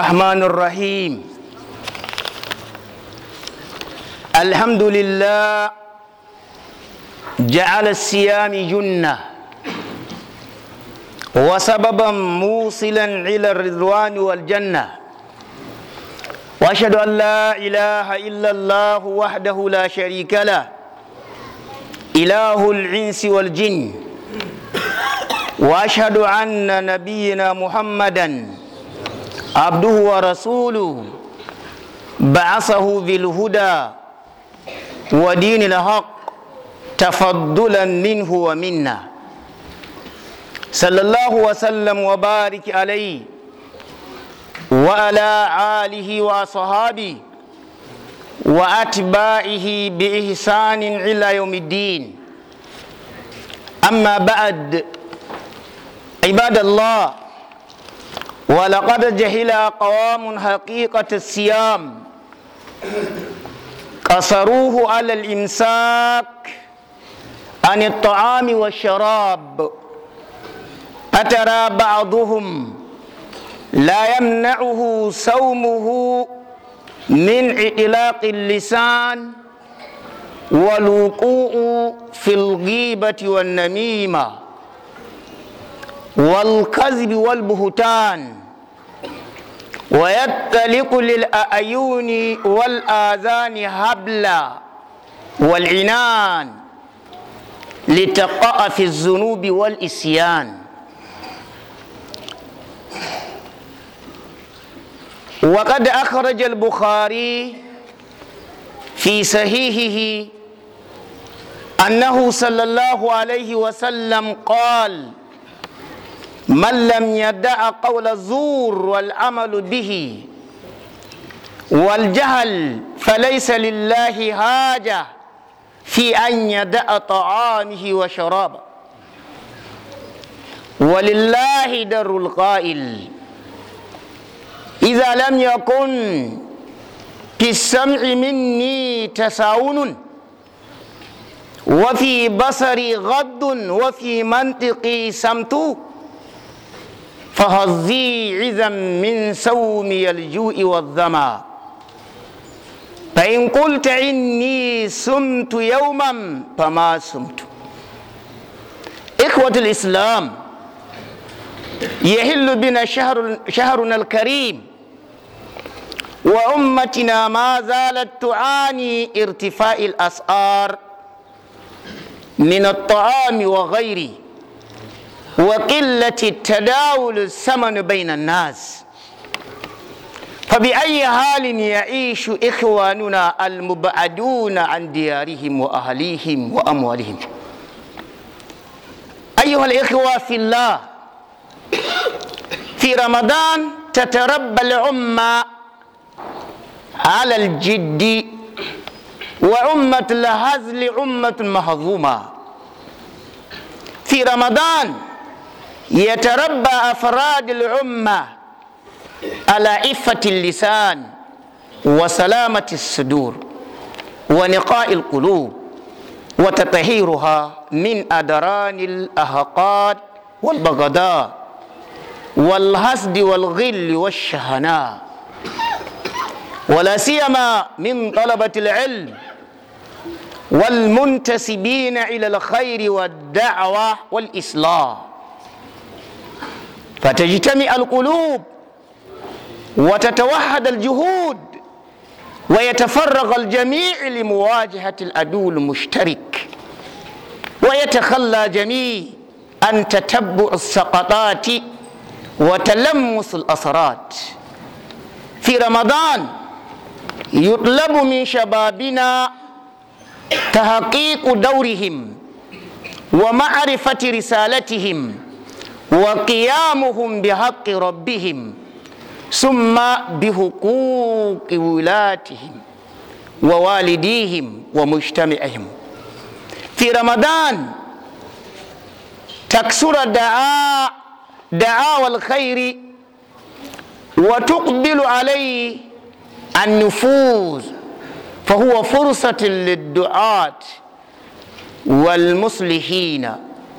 الرحمن الرحيم الحمد لله جعل الصيام جنة وسببا موصلا إلى الرضوان والجنة وأشهد أن لا إله إلا الله وحده لا شريك له إله الإنس والجن وأشهد أن نبينا محمدًا عبده ورسوله بعثه بالهدى ودين الحق تفضلا منه ومنا صلى الله وسلم وبارك عليه وعلى آله وأصحابه وأتباعه بإحسان إلى يوم الدين أما بعد عباد الله ولقد جهل قوام حقيقة الصيام قصروه على الإمساك عن الطعام والشراب أترى بعضهم لا يمنعه صومه من إطلاق اللسان والوقوع في الغيبة والنميمة والكذب والبهتان ويتلق للأعين والآذان هبلا والعنان لتقع في الذنوب والإسيان وقد أخرج البخاري في صحيحه أنه صلى الله عليه وسلم قال من لم يدع قول الزور والعمل به والجهل فليس لله حاجة في أن يدع طعامه وشرابه ولله در القائل إذا لم يكن في السمع مني تساؤل وفي بصري غض وفي منطقي سمت فهذي عذا من سومي الجوء والظما فإن قلت إني سمت يوما فما سمت إخوة الإسلام يهل بنا شهر شهرنا الكريم وأمتنا ما زالت تعاني ارتفاع الأسعار من الطعام وغيره وقلة التداول الثمن بين الناس فبأي حال يعيش إخواننا المبعدون عن ديارهم وأهليهم وأموالهم أيها الإخوة في الله في رمضان تتربى الأمة على الجد وأمة الهزل أمة مهضومة في رمضان يتربى أفراد الأمة على إفة اللسان وسلامة الصدور ونقاء القلوب وتطهيرها من أدران الأهقاد والبغضاء والحسد والغل والشهناء ولا سيما من طلبة العلم والمنتسبين إلى الخير والدعوة والإصلاح فتجتمع القلوب وتتوحد الجهود ويتفرغ الجميع لمواجهة العدو المشترك ويتخلى جميع أن تتبع السقطات وتلمس الأسرات في رمضان يطلب من شبابنا تحقيق دورهم ومعرفة رسالتهم وقيامهم بحق ربهم ثم بحقوق ولاتهم ووالديهم ومجتمعهم في رمضان تكسر دعاء دعاء الخير وتقبل عليه النفوذ فهو فرصة للدعاة والمصلحين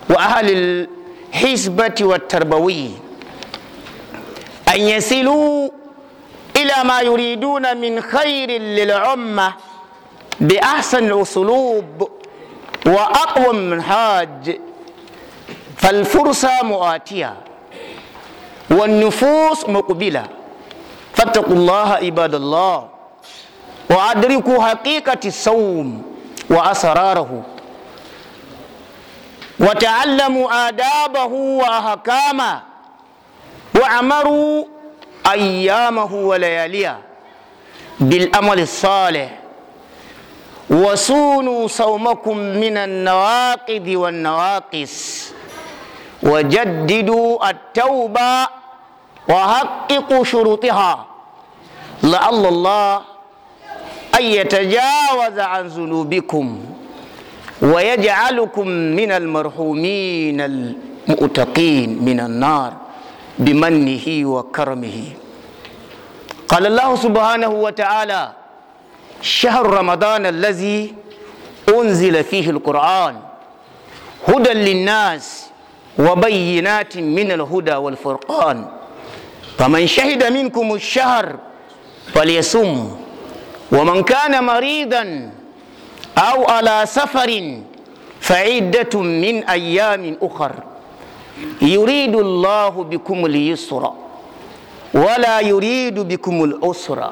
وأهل الحسبة والتربوي أن يصلوا إلى ما يريدون من خير للعمة بأحسن الأسلوب وأقوى منهاج فالفرصة مؤاتية والنفوس مقبلة فاتقوا الله عباد الله وأدركوا حقيقة الصوم وأسراره وتعلموا آدابه وأحكامه وعمروا أيامه ولياليه بالأمل الصالح وصونوا صومكم من النواقض والنواقص وجددوا التوبة وحققوا شروطها لعل الله أن يتجاوز عن ذنوبكم ويجعلكم من المرحومين المؤتقين من النار بمنه وكرمه قال الله سبحانه وتعالى شهر رمضان الذي أنزل فيه القرآن هدى للناس وبينات من الهدى والفرقان فمن شهد منكم الشهر فليصم ومن كان مريضا أو على سفر فعدة من أيام أخر يريد الله بكم اليسر ولا يريد بكم العسر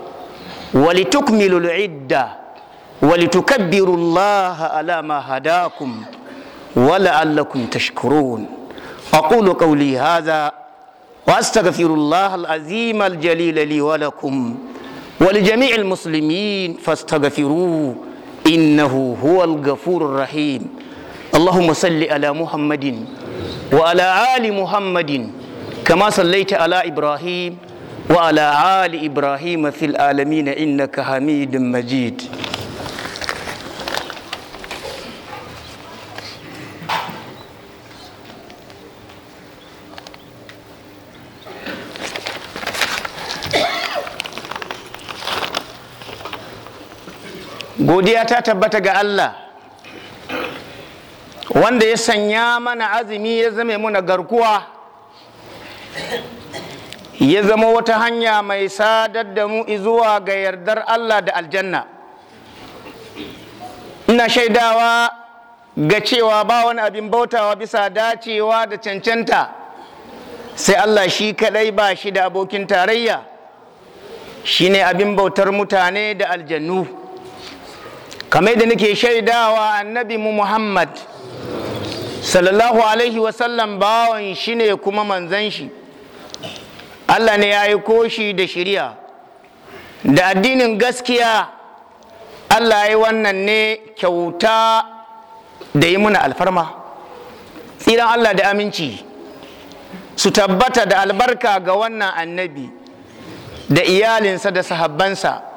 ولتكملوا العدة ولتكبروا الله على ما هداكم ولعلكم تشكرون أقول قولي هذا وأستغفر الله العظيم الجليل لي ولكم ولجميع المسلمين فاستغفروه إنه هو الغفور الرحيم اللهم صل على محمد وعلى آل محمد كما صليت على إبراهيم وعلى آل إبراهيم في العالمين إنك حميد مجيد godiya ta tabbata ga Allah wanda ya sanya mana azumi ya zame muna garkuwa ya zama wata hanya mai sadar da mu zuwa ga yardar Allah da aljanna ina shaidawa ga cewa ba wani abin bautawa bisa dacewa da cancanta sai Allah shi kadai ba shi da abokin tarayya Shi ne abin bautar mutane da aljannu kamar da nake shaidawa annabi mu muhammad sallallahu alaihi wasallam bawan shi ne kuma manzan shi allah ne ya yi koshi da shirya da addinin gaskiya allah ya yi wannan ne kyauta da yi muna alfarma tsiran allah da aminci su tabbata da albarka ga wannan annabi da iyalinsa da sahabbansa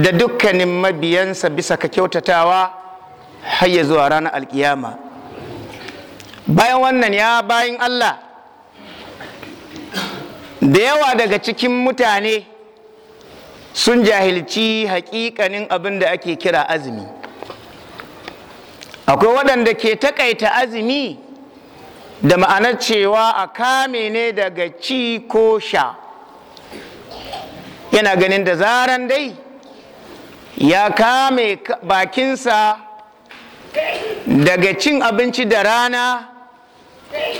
da dukkanin mabiyansa bisa ka kyautatawa har ya zuwa ranar alkiyama bayan wannan ya bayan Allah da yawa daga cikin mutane sun jahilci hakikanin abin da ake kira azumi akwai waɗanda ke takaita azumi da ma'anar cewa a kame ne daga ci ko sha yana ganin da zaran dai ya kame bakinsa daga cin abinci da rana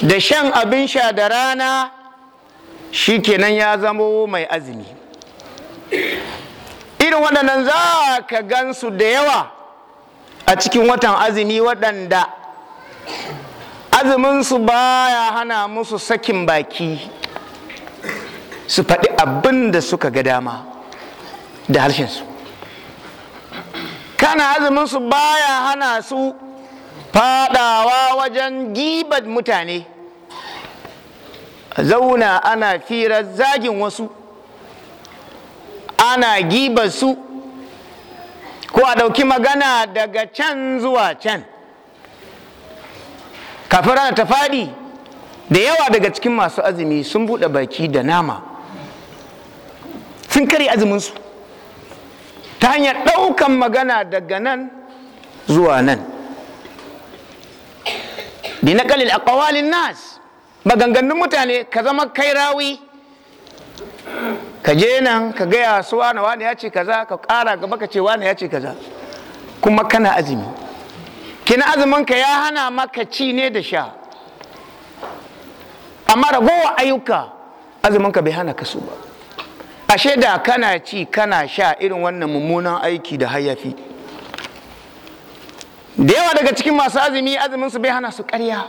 da shan abin sha da rana shi kenan ya zamo mai azumi irin waɗannan za ka gansu da yawa a cikin watan azumi waɗanda azuminsu baya hana musu sakin baki su faɗi abin da suka ga dama da harshensu kana azumin su baya hana su fadawa wajen gibar mutane zauna ana firar zagin wasu ana gibar su ko a ɗauki magana daga can zuwa can kafin rana ta faɗi da yawa daga cikin masu azumi sun buɗe baki da nama sun kare azuminsu ta hanyar ɗaukan magana daga nan zuwa nan bi a ƙawalin nas maganganun mutane ka zama kai rawi ka je nan ka gaya su wani wani ya ce kaza ka ƙara gaba ka ce wani ya ce kaza kuma kana azumi kina azumin ka ya hana maka ci ne da sha amma ragowa ayyuka azumin ka bai hana ka su ba ashe da kana ci kana sha irin wannan mummunan aiki da hayafi da yawa daga cikin masu azumi azumin su bai hana su karya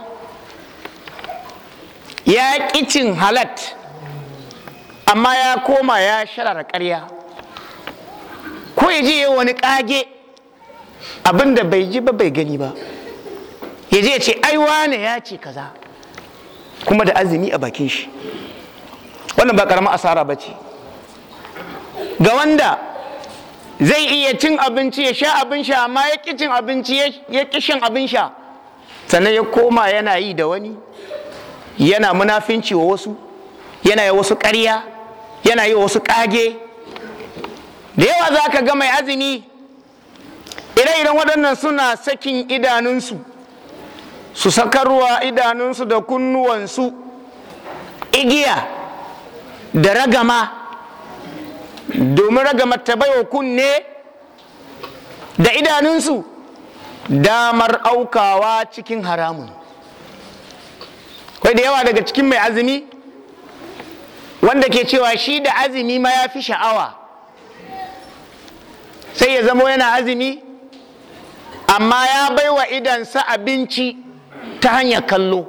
ya kicin halat amma ya koma ya sharara karya ko ya je wani kage abinda bai ji ba bai gani ba ya je ce ai wane ya ce kaza kuma da azumi a bakin shi wannan ba karamar asara ba ce ga wanda zai iya cin abinci ya sha abin sha amma ya ƙi cin abinci ya ƙi shan abin sha sannan ya koma yana yi da wani yana munafinci wa wasu yana yi wasu ƙarya yana yi wasu ƙage da yawa za ka ga mai azumi ire-iren waɗannan suna sakin idanunsu su sakarwa idanunsu da kunnuwansu igiya da ragama domin raga ta kunne da idanunsu damar aukawa cikin haramun kai da yawa daga cikin mai azumi wanda ke cewa shi da azumi ma ya fi sha'awa sai ya zamo yana azumi amma ya baiwa idansa abinci ta hanyar kallo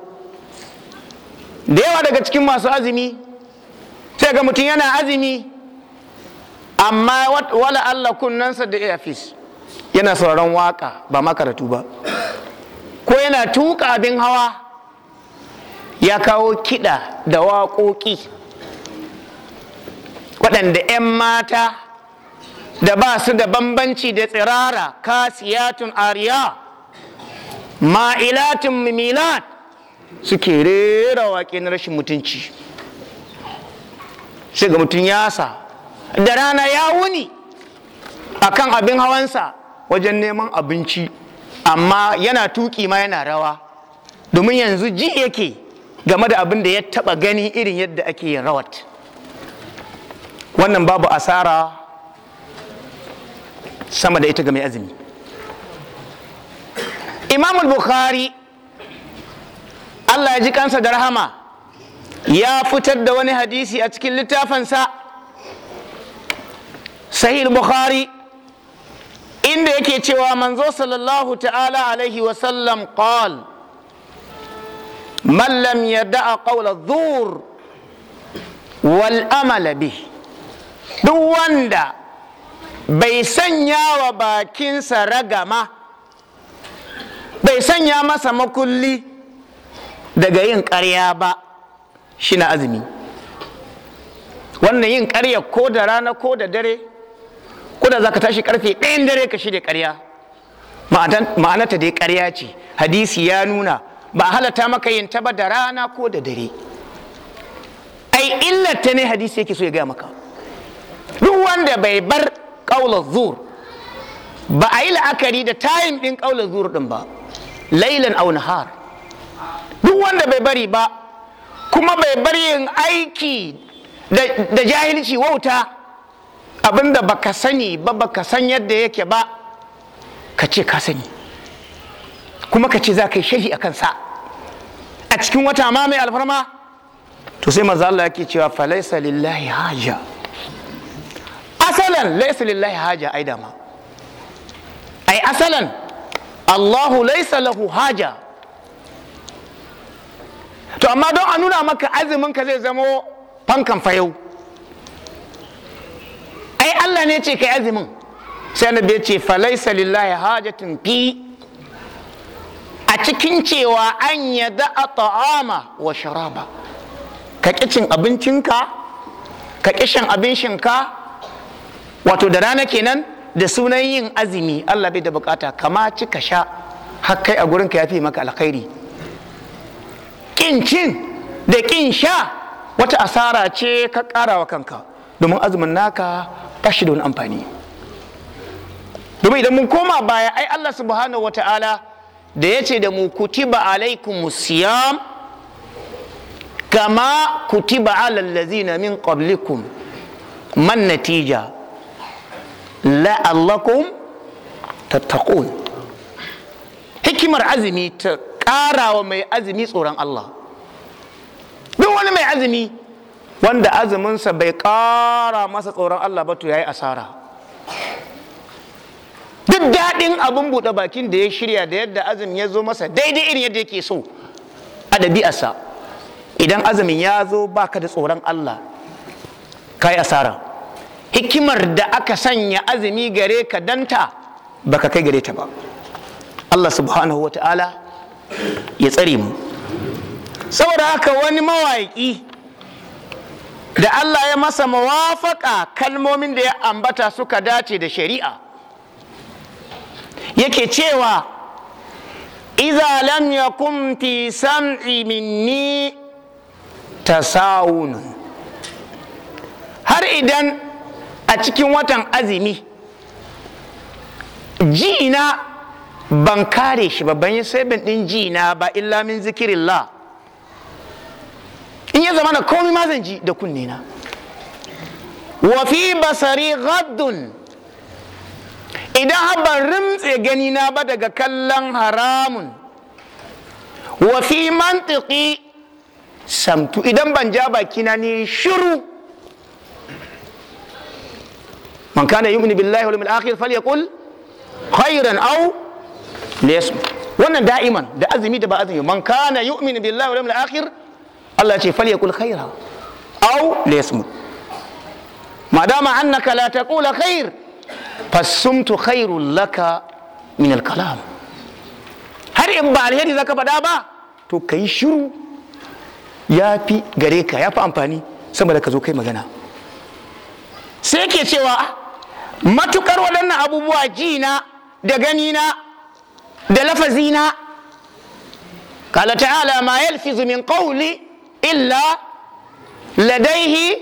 da yawa daga cikin masu azumi sai ga mutum yana azumi amma wala Allah kunnansa da fis yana sauraron waka ba makaratu ba ko yana tuka abin hawa ya kawo kiɗa da waƙoƙi waɗanda 'yan mata da ba su da bambanci da tsirara kasiyatun ariya ma'ilatun mimilat suke rera waƙin rashin mutunci sai ga mutum yasa da rana ya wuni a kan abin hawansa wajen neman abinci amma yana tuki ma yana rawa domin yanzu ji yake game da abin da ya taba gani irin yadda ake yin rawat wannan babu asara sama da ita ga mai azumi imam bukhari allah ya ji kansa da rahama ya fitar da wani hadisi a cikin littafansa sahih bukhari inda yake cewa manzo sallallahu ta'ala alaihi sallam qal man lam yada'a qawla dhur wal amala bi duk wanda bai sanya wa bakinsa ragama bai sanya masa makulli daga yin ƙarya ba shi na azumi wannan yin ƙarya ko da rana ko da dare ko da ka tashi karfe ɗayan dare ka shirya ƙarya ma'anata dai karya ce hadisi ya nuna ba halatta maka yin ta da rana ko da dare ai illar ta ne hadisi yake so ya gaya maka duk wanda bai bar ƙaular zur ba a yi la'akari da tayin ɗin ƙaular zur ɗin ba lailan au nahar duk wanda bai bari ba kuma bai bari yin aiki da jahilci wauta abinda baka sani ba baka san yadda yake ba ka ce ka sani kuma ka ce za ka yi shahi a kansa a cikin wata ma mai alfarma to sai manzo Allah yake cewa falaisa lillahi haja asalan laisa lillahi haja ai dama ai asalan Allahu laisa lahu haja to amma don a nuna maka azumin ka zai zamo fankan fayau ai Allah ne ce ka yi azumin sai na ya ce falaisa lillahi hajatun fi a cikin cewa an yada a ta'ama wa sharaba ka ƙi cin abincinka ka ƙi shan abin shinka wato da rana kenan da sunan yin azumi Allah bai da bukata kama ci ka sha har a gurinka ya fi maka alkhairi ƙin cin da ƙin sha wata asara ce ka ƙara wa kanka domin azumin naka bashi da wani amfani domin idan mun koma baya ai Allah subhanahu wata'ala da ya ce da mu kutiba alaikum siyam kama kutiba alal ladzina min qablikum man natija la'allakum tattaqun hikimar azumi ta ƙara mai azumi tsoron Allah duk wani mai azumi wanda azuminsa bai ƙara masa tsoron Allah ba to ya yi asara duk daɗin abin buɗe bakin da ya shirya da yadda azumin ya zo masa daidai irin yadda yake so a ɗabi'arsa idan azumin ya zo baka da tsoron Allah Ka yi asara hikimar da aka sanya azumi gare ka danta baka kai gare ta ba Allah subhanahu wa ta'ala ya tsare mu saboda haka wani mawaƙi da Allah ya masa mawafaka kalmomin da ya ambata suka dace da shari'a yake cewa iza lam yakun fi sam'i minni tasawun har idan a cikin watan azumi jina ban kare shi ba ban yi ban din jina ba illa min zikirillah in ya zama na komi ma zan ji da kunne na wa basari ghaddun idan haban rimtse gani na ba daga kallon haramun wa mantiki samtu idan ban ja bakina ne shiru man kana yu'minu billahi wal akhir khairan aw liyasmut wannan da'iman da azumi da ba azumi man kana yu'minu billahi wal akhir Allah ce fal yakul khaira aw liyasmut madama annaka la taqula khair fasumtu khairul laka min al kalam har in ba alheri zaka faɗa ba to kai shiru ya fi gare ka ya fi amfani saboda ka zo kai magana sai ke cewa ah, matukar waɗannan abubuwa jina da ganina da lafazina قال تعالى ما يلفظ من قول illa ladaihi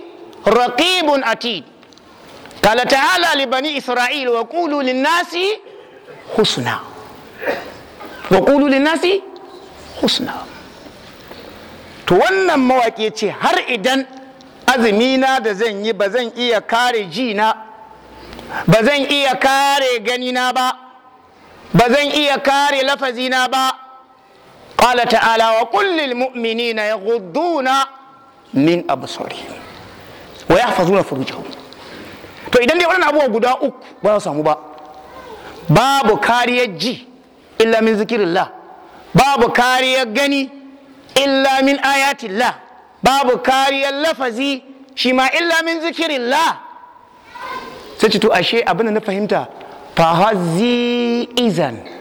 raqibun atid قال تعالى لبني إسرائيل وقولوا للناس حسنا وقولوا للناس حسنا to wannan mawaƙi ce har idan azumina da zan yi ba zan iya kare jina ba zan iya kare ganina ba ba zan iya kare lafazi na ba qala alawa wa qul na mu'minina yaghudduna min absarihim wa to idan dai wannan abubuwa guda uku ba su samu ba babu kariyar ji illa min zikirillah babu kariyar gani illa min ayatillah babu kariyar lafazi shi ma illa min zikirillah sai ce to ashe abin da na fahimta fahazi izan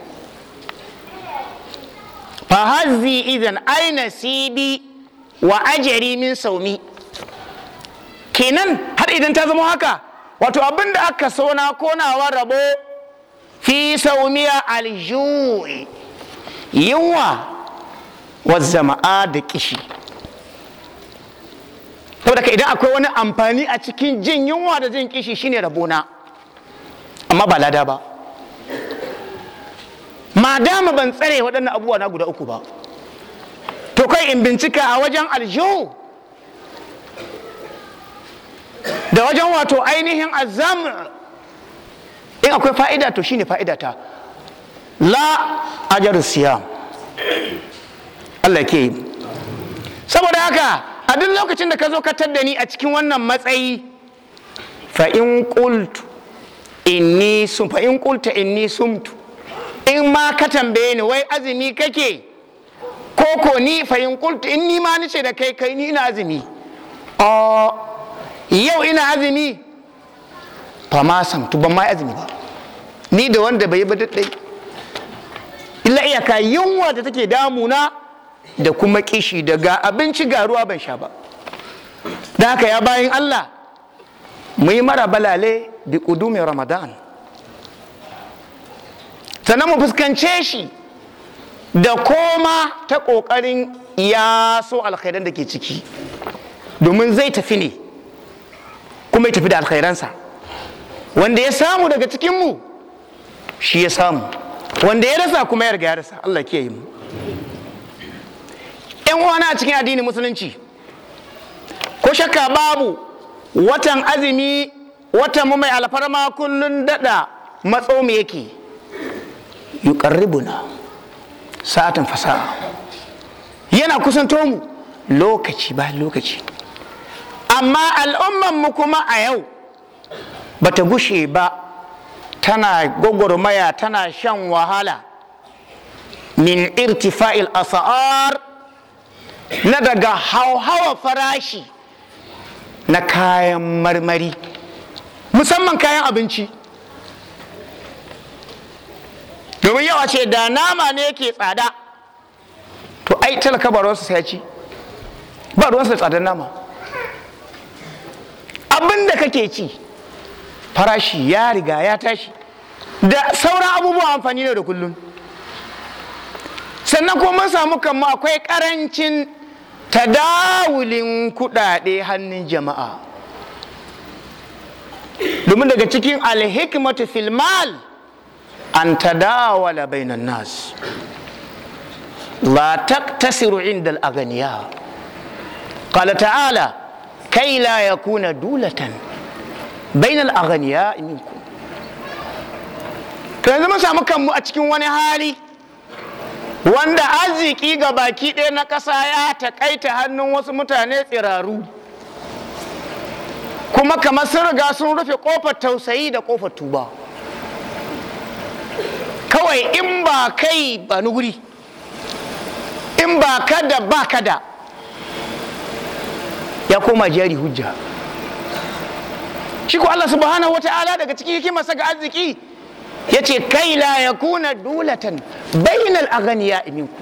fahazzi idan aina nasibi wa ajari min saumi kenan har idan ta zama haka wato abin da aka so na konawa rabo fi saumiya aljuwi yunwa jama'a da kishi saboda ka idan akwai wani amfani a cikin jin yunwa da jin kishi shine rabona amma ba lada ba ma dama ban tsare waɗannan abubuwa na guda uku ba to kai in bincika a wajen aljo da wajen wato ainihin azam in akwai fa'ida to shine fa'idata la ajar siya Allah ke yi saboda haka a duk lokacin da ka zo ka tadda ni a cikin wannan matsayi fa in in inni sumtu in ma ka tambaye ni wai azumi kake koko ni fahim kultu in ni ma nace da kai kai ni ina azumi yau ina azumi ba ma samtu ban ma azumi ba ni da wanda bai ba daddai illa iyaka yunwa da take damuna da kuma kishi daga abinci ga ruwa ban sha ba da haka ya bayan Allah mu yi mara balale bi kudumin ramadan sannan mu fuskance shi da koma ta ƙoƙarin ya so alkhairan da ke ciki domin zai tafi ne kuma ya tafi da alkhairansa wanda ya samu daga cikinmu shi ya samu wanda ya rasa kuma ya riga rasa Allah ke yi mu yan uwana a cikin addinin musulunci ko shakka babu watan azumi watan mu mai alfarma kullun dada matso mu yake yuqarribuna sa'atan fasaha yana kusanto mu lokaci ba lokaci amma al'umman mu kuma a yau bata gushe ba tana gwagwarmaya tana shan wahala min irtifa'il asa'ar na daga hauhawa farashi na kayan marmari musamman kayan abinci domin yawa ce da nama ne ke tsada to ai talaka ba ruwansa sai ci ba ruwansa da tsadar nama abin da kake ci farashi ya riga ya tashi da sauran abubuwa amfani ne da kullum sannan kuma mun samu kanmu akwai karancin tadawulin kudade hannun jama'a domin daga cikin alhikmatu filmal an tadawala bainan nas la taktasiru inda al-aghniya qala ta'ala kai la yakuna dulatan bainal aghniya minkum to yanzu mun samu kanmu a cikin wani hali wanda arziki ga baki ɗaya na ƙasa ya taƙaita hannun wasu mutane tsiraru kuma kamar sun riga sun rufe ƙofar tausayi da ƙofar tuba kawai in ba kai ba ni in ba kada ba kada ya koma jari hujja shi ko Allah subhanahu wata'ala daga cikin hikimarsa ga arziki ya ce kai la ya kuna dulatan bainal aganiya iminku.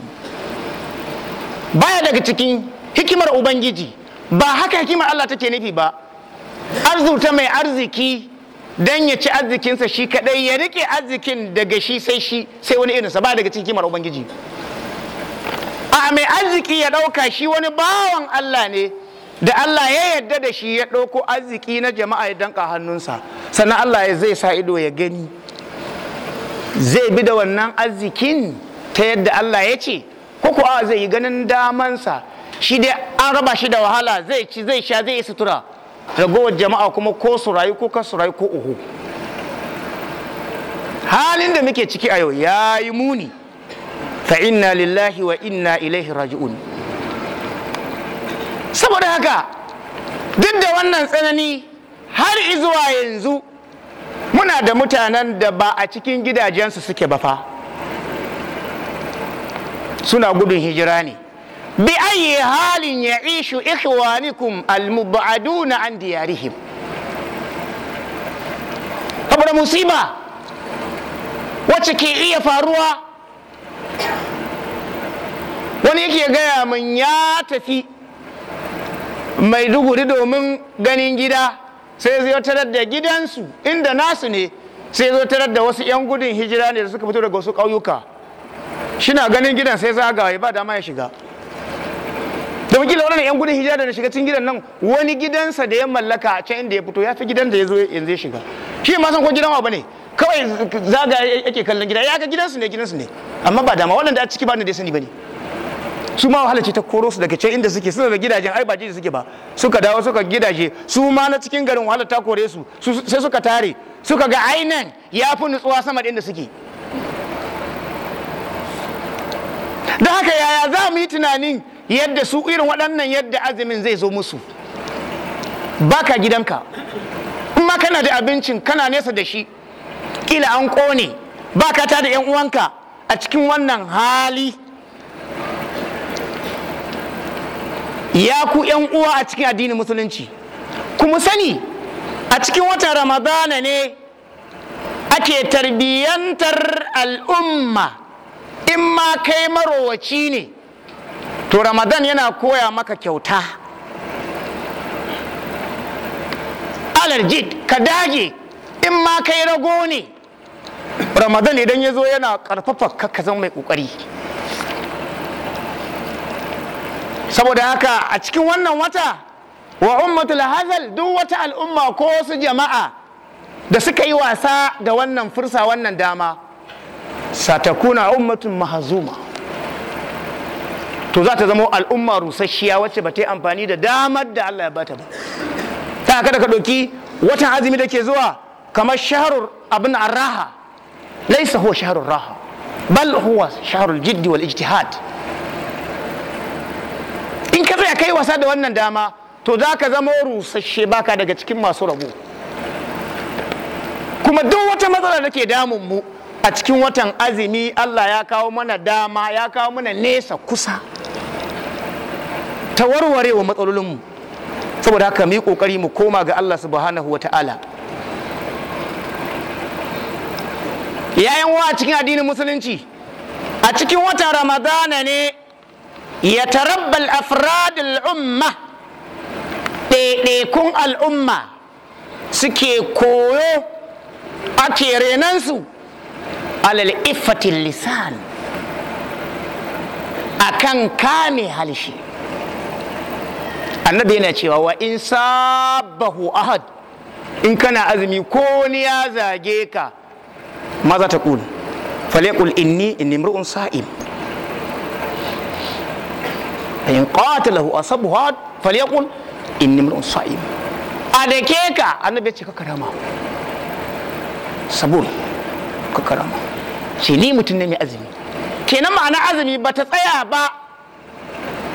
baya daga cikin hikimar ubangiji ba haka hikimar Allah take nufi ba arzuta mai arziki dan ya ci arzikinsa shi kadai ya rike arzikin daga shi sai shi sai wani irinsa ba daga cikin kimar ubangiji a mai arziki ya dauka shi wani bawan Allah ne da Allah ya yarda da shi ya dauko arziki na jama'a ya danka hannunsa sannan Allah ya zai sa ido ya gani zai bi da wannan arzikin ta yadda Allah ya ce ko zai yi ganin damansa shi dai an raba shi da wahala zai ci zai sha zai yi sutura ragowar jama'a kuma ko su rayu ko kasu rayu ko uhu halin da muke ciki a yau ya yi muni fa inna lillahi wa inna ilaihi raji'un saboda haka duk da wannan tsanani har izuwa yanzu muna da mutanen da ba a cikin gidajensu suke ba fa suna gudun hijira ne bi ayi halin ya ishu ikhwanikum almubaduna an diyarihim musiba wacce ke iya faruwa wani yake gaya min ya tafi mai duguri domin ganin gida sai zai tarar da gidansu inda nasu ne sai zo tarar da wasu 'yan gudun hijira ne da suka fito daga wasu ƙauyuka na ganin gidan sai ya ba dama ya shiga don kila wannan yan gudun hijira da na shiga cikin gidan nan wani gidansa da ya mallaka a can inda ya fito ya fi gidan da ya zo yanzu ya shiga shi ma san ko gidan wa bane kawai zaga yake kallon gida ya ga gidansu ne gidansu ne amma ba dama wannan da a ciki ba ne da sani bane su ma wahala ce ta koro su daga can inda suke suna da gidajen ai ba da suke ba suka dawo suka gidaje su ma na cikin garin wahala ta kore su sai suka tare suka ga ainihin ya fi nutsuwa sama da inda suke da haka yaya za mu yi tunanin yadda su irin waɗannan yadda azumin zai zo musu baka gidanka in kana da abincin kana nesa da shi kila an ƙone baka ta da 'yan uwanka a cikin wannan hali ya ku 'yan uwa a cikin addinin musulunci kuma sani a cikin watan ramadana ne ake tarbiyyantar al'umma in ma kai marowaci ne to ramadan yana koya maka kyauta alarjid ka dage in ma kai rago ne ramadan idan ya zo yana karfafa ka zama mai kokari saboda haka a cikin wannan wata wa ummatul hazal duk wata al'umma ko wasu jama'a da suka yi wasa da wannan fursa wannan dama satakuna ummatun mahazuma to za ta zama al'umma rusasshiya wacce ba ta yi amfani da damar da Allah ya bata ba ta da ka ɗauki watan azumi da ke zuwa kamar shaharar abin raha laisa huwa shaharar raha bal huwa shaharar jiddi wal ijtihad in ka zai kai wasa da wannan dama to za ka zama rusasshe baka daga cikin masu rabo kuma duk wata matsala da ke damun mu a cikin watan azumi Allah ya kawo mana dama ya kawo mana nesa kusa ta warware wa matsalolinmu saboda haka mu yi kokari mu koma ga Allah subhanahu wa ta'ala yayan wa cikin addinin musulunci a cikin wata ramadana ne ya tarabbal afradul umma ɗaiɗaikun al'umma suke koyo ake renansu alal iffatin lisan kan kame halshi annabi yana cewa wa in sabahu ahad in kana azumi ko wani ya zage ka ma za ta kul falekul inni inni mru'un sa'im in qatalahu asabu had falekul inni mru'un sa'im a da ke ka annabi ce ka karama sabul ka karama ce ni mutum ne mai azumi kenan ma'ana azumi ba ta tsaya ba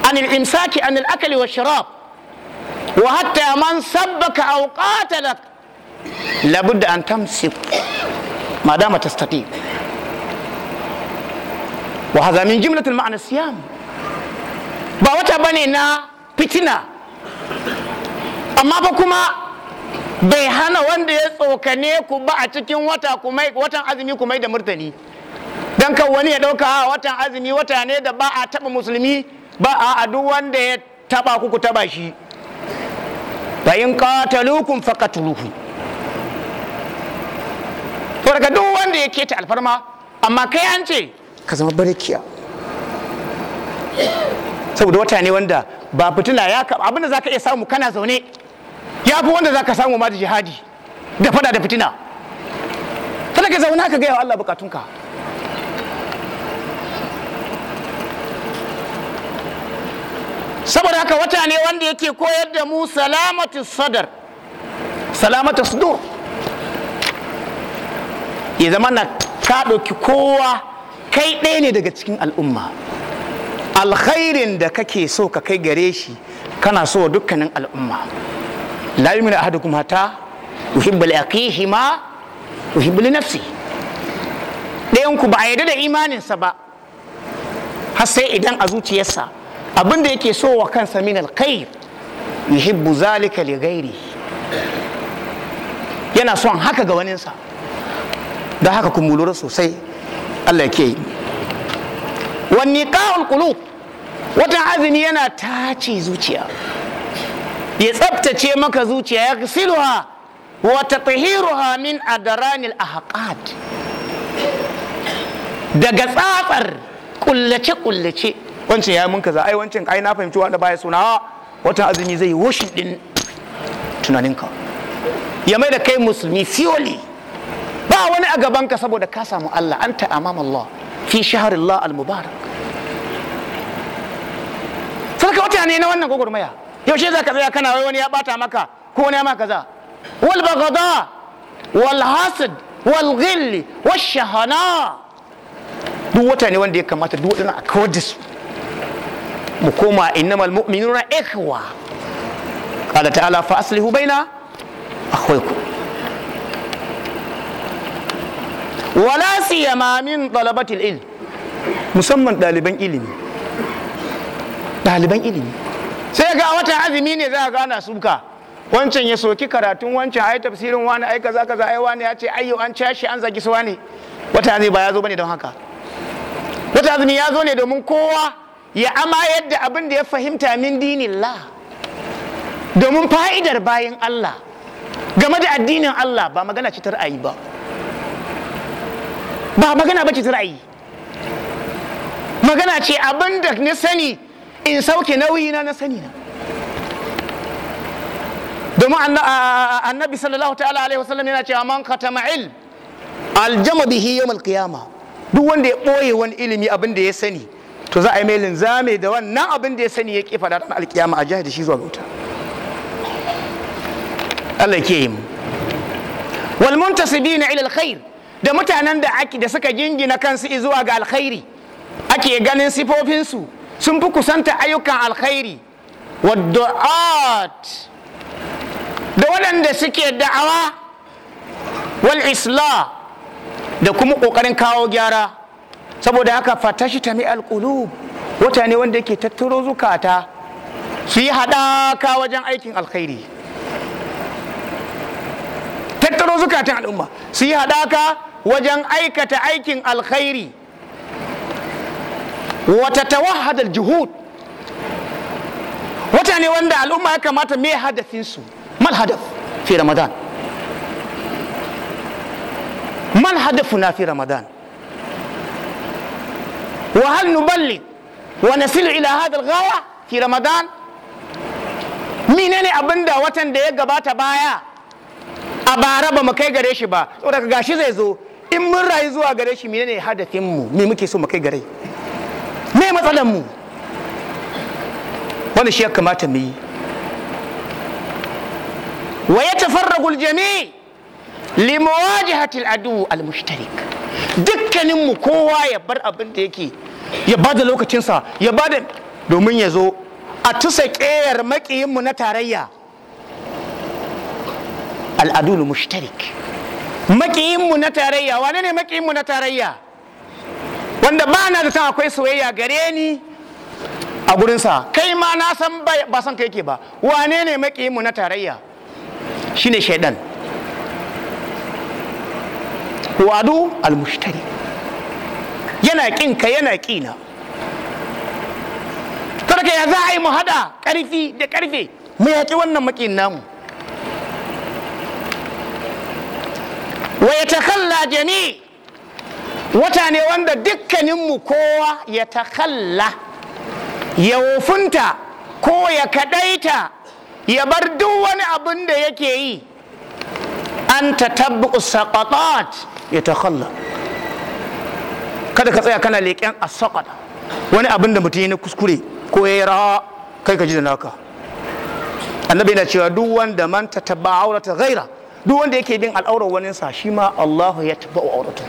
an al-imsaki an al-akali wa sharab wa hatta man sabbaka aw qatalak labudda an tamsik ma dama tastati wa hadha min jumlatil ma'na siyam ba wata bane na fitina amma ba kuma bai hana wanda ya tsokane ku ba a cikin wata mai watan azumi ku mai da murtani dan kan wani ya dauka a ah, watan azumi wata ne da ba a taba musulmi ba a duk wanda ya taba ku ku taba shi fa in qataluukum faqatuluhum to daga duk wanda ya keta alfarma amma kai an ce ka zama barikiya saboda wata ne wanda ba fitina ya ka abinda zaka iya samu kana zaune ya fi wanda zaka samu ma da jihadi da fada da fitina sai ka zauna ka ga ya Allah bukatunka saboda haka wata ne wanda yake koyar da mu salamatu sadar salamatu sudur ya zama na ka ɗauki kowa kai ɗaya ne daga cikin al'umma alkhairin da kake so ka kai gare shi kana so wa dukkanin al'umma la yu'minu ahadukum hatta yuhibbu li ma uhibbal nafsi ɗayan ku ba a yarda da imaninsa ba har sai idan a zuciyarsa abin da yake so wa kansa min alkhair yuhibbu zalika li ghairi yana son haka ga waninsa da haka kun sosai Allah ke yi wani ƙa'ul kulu wata azumi yana tace zuciya ya tsabtace maka zuciya ya siluha wa tatahiruha min adranil ahqad daga tsatsar kullace kullace wancan ya mun kaza ai wancan ai na fahimci wanda baya suna watan azumi zai yi wushin din tunaninka ya mai da kai musulmi fiyoli ba wani a gaban ka saboda ka samu Allah an ta amam Allah fi Allah al-mubarak sarka wata ne na wannan gwagwarmaya yaushe za ka tsaya kana wai wani ya bata maka ko wani ya maka kaza wal bagada wal hasad wal shahana duk wata ne wanda ya kamata duk wadannan a kawar da su mu koma innamal mu'minuna ikhwa qala ta'ala fa aslihu baina akhwaykum wala siyama min talabatil ilm musamman daliban ilimi daliban ilimi sai ga wata azumi ne za ka gana suka wancan ya soki karatun wancan ai tafsirin wani ai kaza kaza ai wani ya ce ayyo an cashe an zagi su wani wata azumi ba ya zo bane don haka wata azumi ya zo ne domin kowa ya amayar da abin da ya fahimta min dinillah domin fa'idar bayan Allah game da addinin Allah ba magana ce ta ra'ayi ba ba magana ba ce ta ra'ayi magana ce abin da na sani in sauke nauyi na na sani na domin annabi sallallahu ta'ala alaihi wasallam yana cewa man katama il aljama bihi yawm alqiyama duk wanda ya ɓoye wani ilimi abin da ya sani to za a yi mai linzame da wannan abin da ya sani ya ke fada ran alƙiyama a jihar da shi zuwa bauta Allah ke yi su wal muntasibina ila alkhair da mutanen da ake da suka gingina kansu zuwa ga alkhairi ake ganin sifofinsu sun fi kusanta ayyukan alkhairi wadda'at da waɗanda suke da'awa wal isla da kuma ƙoƙarin kawo gyara saboda haka fatashi ta mi alƙulub wata ne wanda yake tattaro zukata su yi haɗaka wajen aikin alkhairi tattaro zukatan al'umma su yi haɗaka wajen aikata aikin alkhairi wata tawahadar juhud wata ne wanda al'umma ya kamata mai hadafinsu mal hadaf fi ramadan mal hadafu na fi ramadan Wahal نبلغ ونصل إلى هذا الغاية في Ramadan? menene ne abinda watan da ya gabata baya a bara ba mu kai gare shi ba saboda gashi zai zo in mun rayu zuwa gare shi menene hadafin mu me muke so mu kai gare me matsalan mu wani shi ya kamata mu yi wa yatafarragu aljami li muwajahati aladu almushtarik duk dukkaninmu kowa ya bar abin da yake ya ba da lokacinsa ya ba da domin ya zo a tusa ƙeyar maƙiyinmu na tarayya al'adun mushtarik maƙiyinmu na tarayya wane ne maƙiyinmu na tarayya wanda ba na da san akwai soyayya gare ni a gurinsa kai ma na san ba san kai ke ba wane ne maƙiyinmu na tarayya shine shaidan wadu al-mushtarik yana ƙinka yana ƙina sarka ya za a yi mu haɗa ƙarfi da ƙarfe mu yaƙi wannan maƙin namu wa ya takalla jami wata ne wanda dukkaninmu kowa ya takalla ya wofinta ko ya kaɗaita ya bar duk wani abin da yake yi an ta tabbu ya takalla kada ka tsaya kana leƙen asakad wani abin da mutum ya na kuskure ko ya yi rawa kai ka ji da naka annabi na cewa duk wanda man taba aurata ghaira duk wanda yake bin al'aurar wani sa shi ma Allah ya tabba'u auratu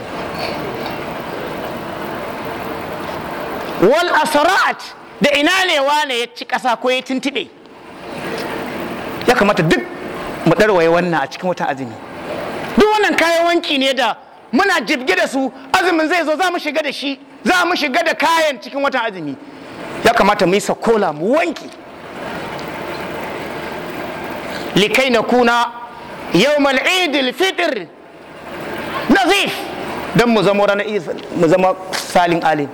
wal asra'at da ina ne wane ya ci kasa ko ya tuntube ya kamata duk mu ɗarwaye wannan a cikin wata azumi duk wannan kayan wanki ne da muna jibge da su azumin zai zo za mu shiga da shi za mu shiga da kayan cikin watan azumi ya kamata mu yi sakola mu wanki likai na kuna yawmal idil fitr nazif don mu zama ranar mu zama salin alin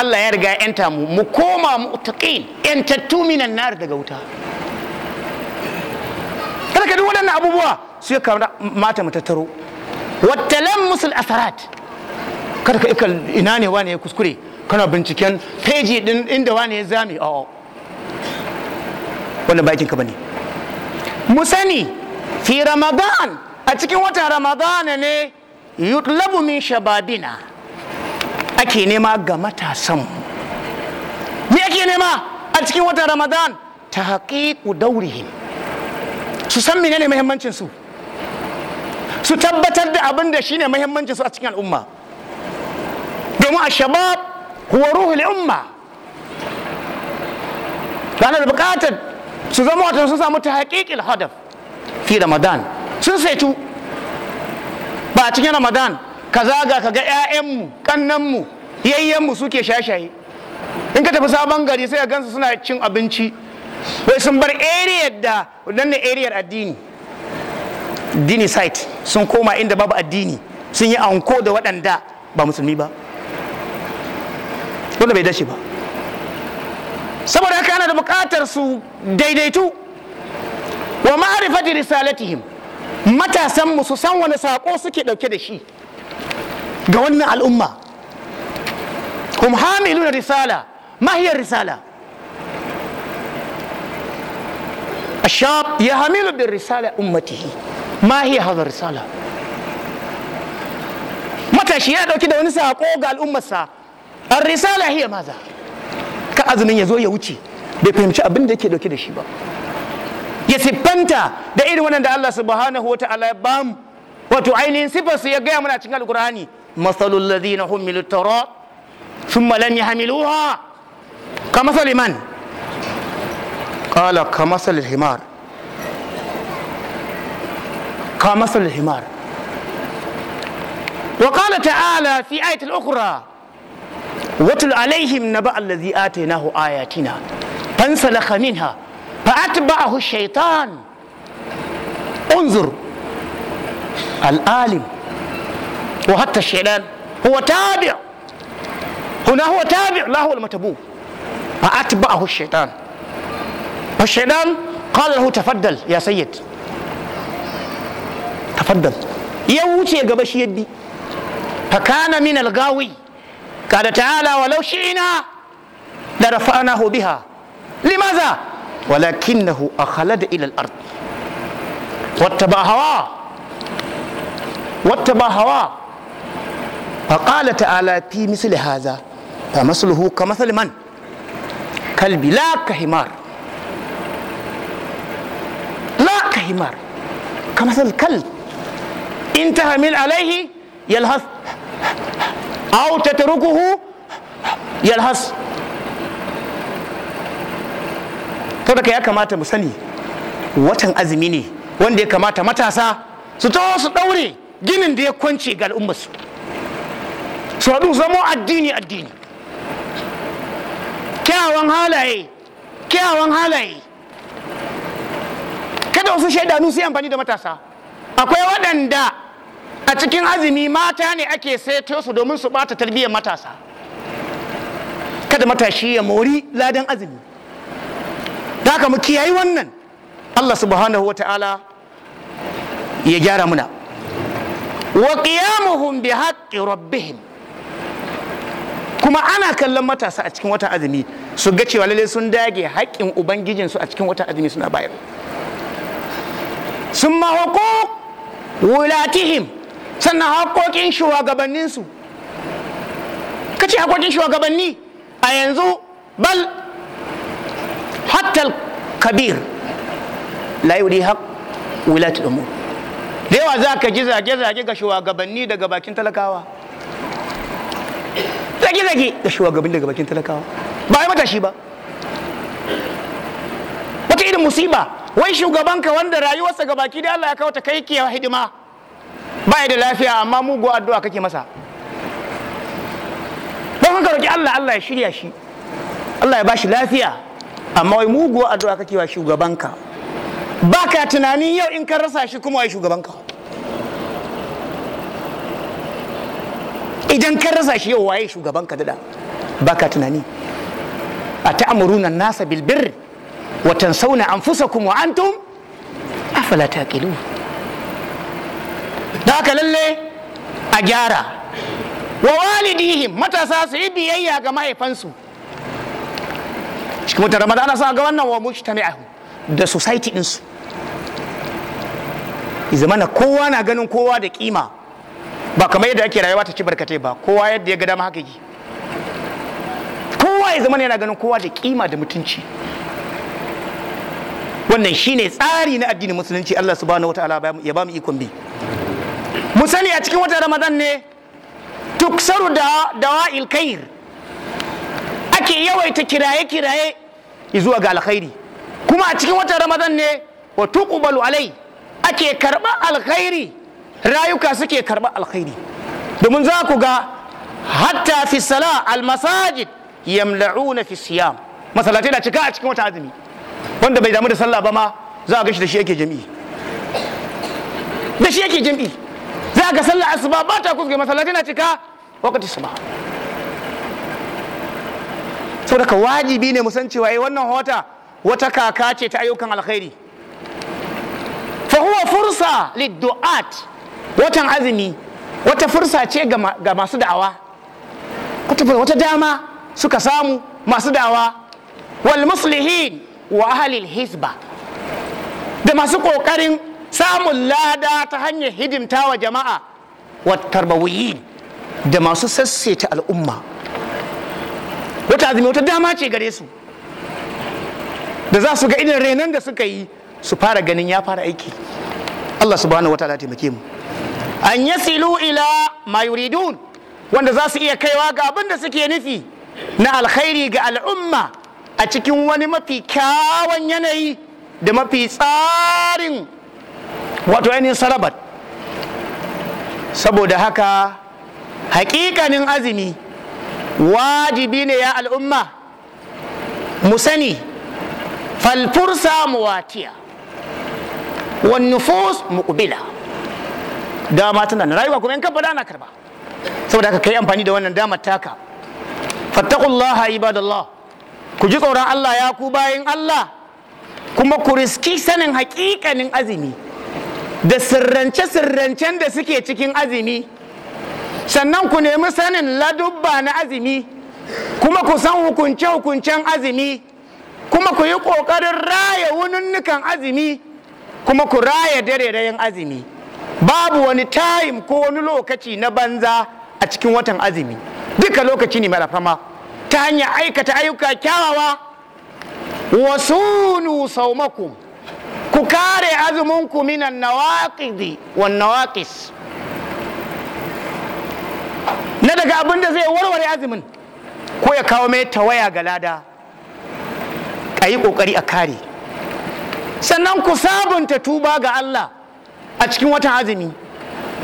Allah ya riga yanta mu mu koma mu taqin yantattu minan nar daga wuta kada ka duk waɗannan abubuwa su ya kamata mu tattaro wattalan musul asarat kada ka ina ne wane ya kuskure kana binciken peji din inda wane ya zame a wanda bakin ka bane mu sani fi ramadan a cikin watan ramadana ne yutlabu min shababina ake nema ga matasan me ake nema a cikin watan ramadan ta haƙiƙu daurihim su san menene muhimmancin su su tabbatar da abin da shine muhimmanci su a cikin al'umma domin a shabab huwa ruhul umma ranar bukatar su zama wato sun samu ta haƙiƙil hadaf fi ramadan sun saitu ba a cikin ramadan ka zaga ka ga mu, kannanmu yayyanmu suke shashaye in ka tafi sabon gari sai ka gansu suna cin abinci wai sun bar eriyar da nan ne eriyar addini dini site sun koma inda babu addini sun yi anko da waɗanda ba musulmi ba wanda bai dashi ba saboda haka ana da bukatar su daidaitu wa ma'arifati risalatihim matasan su san wani saƙo suke ɗauke da shi ga wannan al'umma hum na risala mahiyar risala hamilu da risala أمته ma hi hadha risala matashi ya dauki da wani sako ga al'ummarsa ar risala hiya maza ka azumin ya zo ya wuce bai fahimci abin da yake dauke da shi ba ya siffanta da irin wannan da Allah subhanahu wata'ala ya bamu wato ainihin sifarsu ya gaya mana cikin alqur'ani masalul ladina hum milu tara thumma lam yahmiluha ka masal man ka himar كمثل الحمار وقال تعالى في آية أخرى واتل عليهم نبأ الذي آتيناه آياتنا فانسلخ منها فأتبعه الشيطان انظر العالم وحتى الشيطان هو تابع هنا هو تابع لا هو المتبوع فأتبعه الشيطان فالشيطان قال له تفضل يا سيد تفضل يا وشي gaba shi فكان من الغاوي قال تعالى ولو شئنا لرفعناه بها لماذا ولكنه أخلد إلى الأرض واتبع هواه واتبع هواه فقال تعالى في مثل هذا فمثله كمثل من كلب لا كهمار لا كهمار كمثل الكلب in من عليه alaihi او تتركه ta tarukuhu ka ya kamata mu sani watan azumi ne wanda ya kamata matasa su taho su daure ginin da ya kwance ga al'ummarsu su haɗu zamo addini addini kyawawan halaye kyawawan halaye kada wasu shaidanu su yi amfani da matasa akwai waɗanda a cikin azumi mata ne ake saito su domin su bata tarbiyyar matasa kada matashi ya mori ladan azumi da haka mu kiyayi wannan Allah subhanahu wa ta'ala ya gyara muna wa qiyamuhum bi haqqi rabbihim kuma ana kallon matasa a cikin watan azumi su ga cewa lalle sun dage haƙƙin ubangijinsu a cikin watan azumi suna bayar sun ma huquq wulatihim sannan haƙoƙin shugabanninsu ka ce haƙoƙin shugabanni a yanzu bal hattal kabir la yuri haƙ wilatul mu. da yawa za ka ji zage-zage ga shugabanni daga bakin talakawa zage-zage ga shugabanni daga bakin talakawa ba yi matashi ba wata irin musiba wai shugabanka wanda rayuwarsa ga baki da Allah ya kawo ta kai ke hidima ba da lafiya amma mugu addu'a kake masa don haka roki Allah Allah ya shirya shi Allah ya bashi lafiya amma wai mugu addu'a kake wa shugabanka baka tunani yau in ka rasa shi kuma wai shugabanka idan ka rasa shi yau waye shugabanka dada baka tunani a ta'amuruna nasa bilbir wa tansawna anfusakum wa antum afala taqilun haka lalle a gyara wa walidihim matasa su yi biyayya ga mahaifansu cikin wata ramadana sa ga wannan wa mujtami'ahu da society ɗinsu zamana kowa na ganin kowa da kima ba kamar yadda ake rayuwa ta ci barkatai ba kowa yadda ya ga dama haka yi kowa ya zamana yana ganin kowa da kima da mutunci wannan shine tsari na addinin musulunci Allah subhanahu wataala ya ba mu ikon bi mu sani a cikin watan ramadan ne tuksaru da dawa ilkair ake yawaita kiraye-kiraye zuwa ga alkhairi kuma a cikin watan ramadan ne wa tuqbalu alai ake karba alkhairi rayuka suke karba alkhairi domin za ku ga hatta fi sala almasajid yamla'una fi siyam masallatai da cika a cikin wata azumi wanda bai damu da sallah ba ma za a gashi da shi yake jami'i da shi yake jami'i ga aka sallar asuba ba ta kuskure masallaci na cika wakati suba saboda wajibi ne musan cewa eh wannan hota wata kaka ce ta ayyukan alkhairi fa huwa fursa liddu'at watan azumi wata fursa ce ga masu da'awa wata dama suka samu masu da'awa wal muslihin wa ahlil hisba da masu kokarin samun lada ta hanyar hidimta wa jama'a wa tarbawiyin da masu sassaita al'umma wata azumi wata dama ce gare su da za su ga irin renon da suka yi su fara ganin ya fara aiki Allah subhanahu wataala taimake mu an yasilu ila ma yuridun wanda za su iya kaiwa ga abin da suke nufi na alkhairi ga al'umma a cikin wani mafi kyawan yanayi da mafi tsarin wato ainihin sarabat saboda haka hakikanin azumi wajibi ne ya al'umma mu sani falfursa muwatiya wan nufus muqbila dama tana na rayuwa kuma in ka fada karba saboda haka kai amfani da wannan damar taka fattaqullaha ibadallah ku ji tsoron Allah ya ku bayin Allah kuma ku riski sanin hakikanin azumi da sirrance-sirrancen da suke cikin azumi sannan ku nemi sanin ladubba na azumi kuma ku san hukunce-hukuncen azumi kuma ku yi ƙoƙarin raya wununnukan azumi kuma ku raya dare darerayen azumi babu wani tayim ko wani lokaci na banza a cikin watan azumi duka lokaci ne marafama ta hanyar aikata ayyuka kyawawa nusa maku. ku kare azuminku minan nawaqidi wan nawaqis na daga abin da zai warware azumin ko ya kawo mai tawaya ga lada a yi kokari a kare sannan ku sabunta tuba ga Allah a cikin wata azumi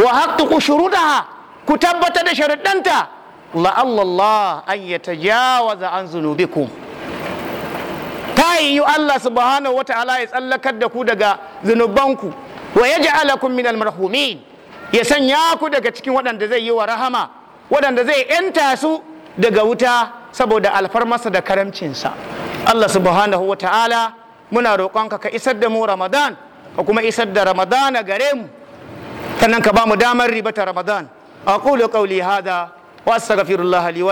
wa ku shurudaha ku tabbatar da sharuɗanta la'allallah an yatajawaza an ku. ta yi Allah subhanahu ta'ala ya tsallakar da ku daga zunubanku wa ya kun min almarhumin ya sanya ku daga cikin waɗanda zai yi wa rahama waɗanda zai yanta su daga wuta saboda alfarmasa da karamcinsa Allah subhanahu ta'ala muna roƙonka ka isar da mu Ramadan ka kuma isar da Ramadana gare mu sannan ka ba mu damar ribata Ramadan a qawli hada wa astaghfirullah li